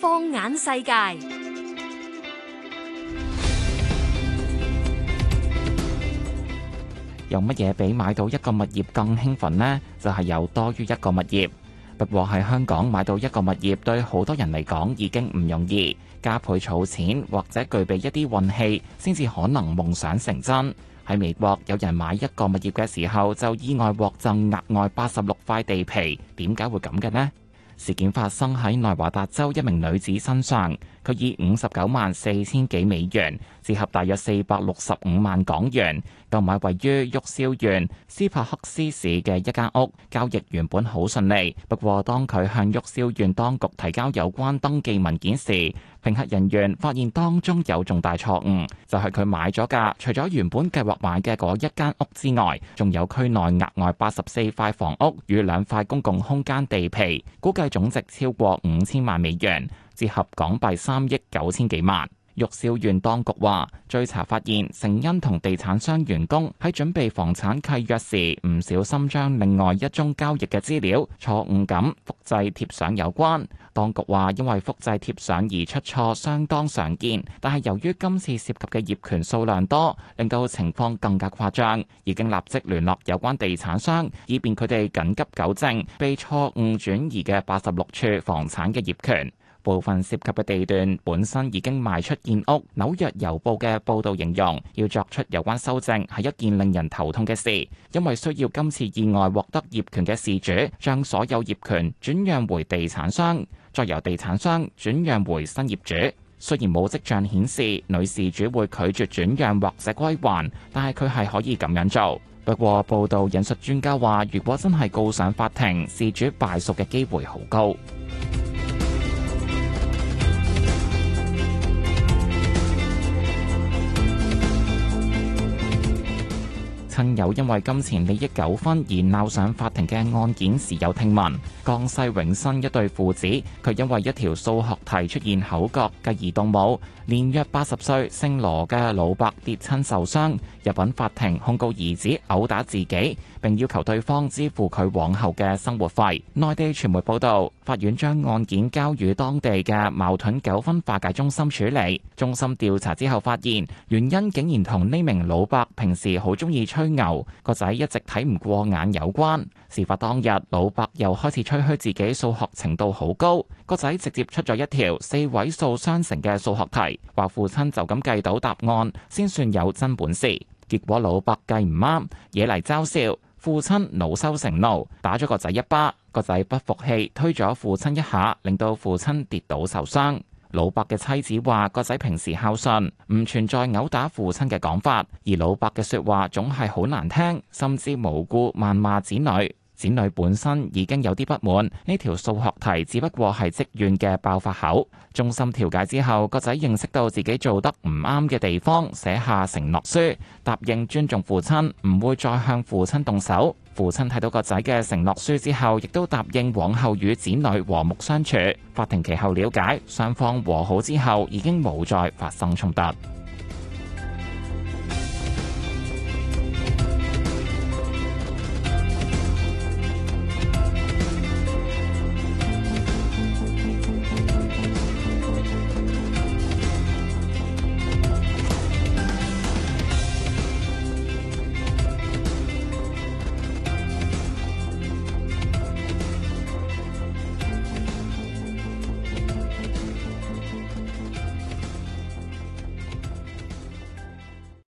放眼世界，有乜嘢比買到一個物業更興奮呢？就係有多於一個物業。不過喺香港買到一個物業，對好多人嚟講已經唔容易，加倍儲錢或者具備一啲運氣，先至可能夢想成真。喺美國，有人買一個物業嘅時候就意外獲贈額外八十六塊地皮，點解會咁嘅呢？事件發生喺內華達州一名女子身上，佢以五十九萬四千幾美元，折合大約四百六十五萬港元，購買位於沃肖縣斯帕克斯市嘅一間屋。交易原本好順利，不過當佢向沃肖縣當局提交有關登記文件時，評核人員發現當中有重大錯誤，就係、是、佢買咗嘅，除咗原本計劃買嘅嗰一間屋之外，仲有區內額外八十四塊房屋與兩塊公共空間地皮，估計總值超過五千萬美元，折合港幣三億九千幾萬。玉兆園當局話，追查發現，成因同地產商員工喺準備房產契約時唔小心將另外一宗交易嘅資料錯誤咁複製貼上有關。當局話，因為複製貼上而出錯相當常見，但係由於今次涉及嘅業權數量多，令到情況更加誇張。已經立即聯絡有關地產商，以便佢哋緊急糾正被錯誤轉移嘅八十六處房產嘅業權。部分涉及嘅地段本身已經賣出現屋。紐約郵報嘅報道形容，要作出有關修正係一件令人頭痛嘅事，因為需要今次意外獲得業權嘅事主，將所有業權轉讓回地產商，再由地產商轉讓回新業主。雖然冇跡象顯示女事主會拒絕轉讓或者歸還，但係佢係可以咁樣做。不過報道引述專家話，如果真係告上法庭，事主敗訴嘅機會好高。更有因為金錢利益糾紛而鬧上法庭嘅案件時有聽聞。江西永新一對父子，佢因為一條數學題出現口角，繼而動武。年約八十歲姓羅嘅老伯跌親受傷，入稟法庭控告兒子毆打自己，並要求對方支付佢往後嘅生活費。內地傳媒報道，法院將案件交予當地嘅矛盾糾紛化解中心處理。中心調查之後發現，原因竟然同呢名老伯平時好中意吹。牛，個仔一直睇唔過眼有關。事發當日，老伯又開始吹噓自己數學程度好高，個仔直接出咗一條四位數相乘嘅數學題，話父親就咁計到答案先算有真本事。結果老伯計唔啱，惹嚟嘲笑，父親惱羞成怒，打咗個仔一巴，個仔不服氣，推咗父親一下，令到父親跌倒受傷。老伯嘅妻子話：個仔平時孝順，唔存在毆打父親嘅講法。而老伯嘅說話總係好難聽，甚至無故謾罵子女。子女本身已經有啲不滿，呢條數學題只不過係積怨嘅爆發口。中心調解之後，個仔認識到自己做得唔啱嘅地方，寫下承諾書，答應尊重父親，唔會再向父親動手。父親睇到個仔嘅承諾書之後，亦都答應往後與子女和睦相處。法庭其後了解，雙方和好之後已經冇再發生衝突。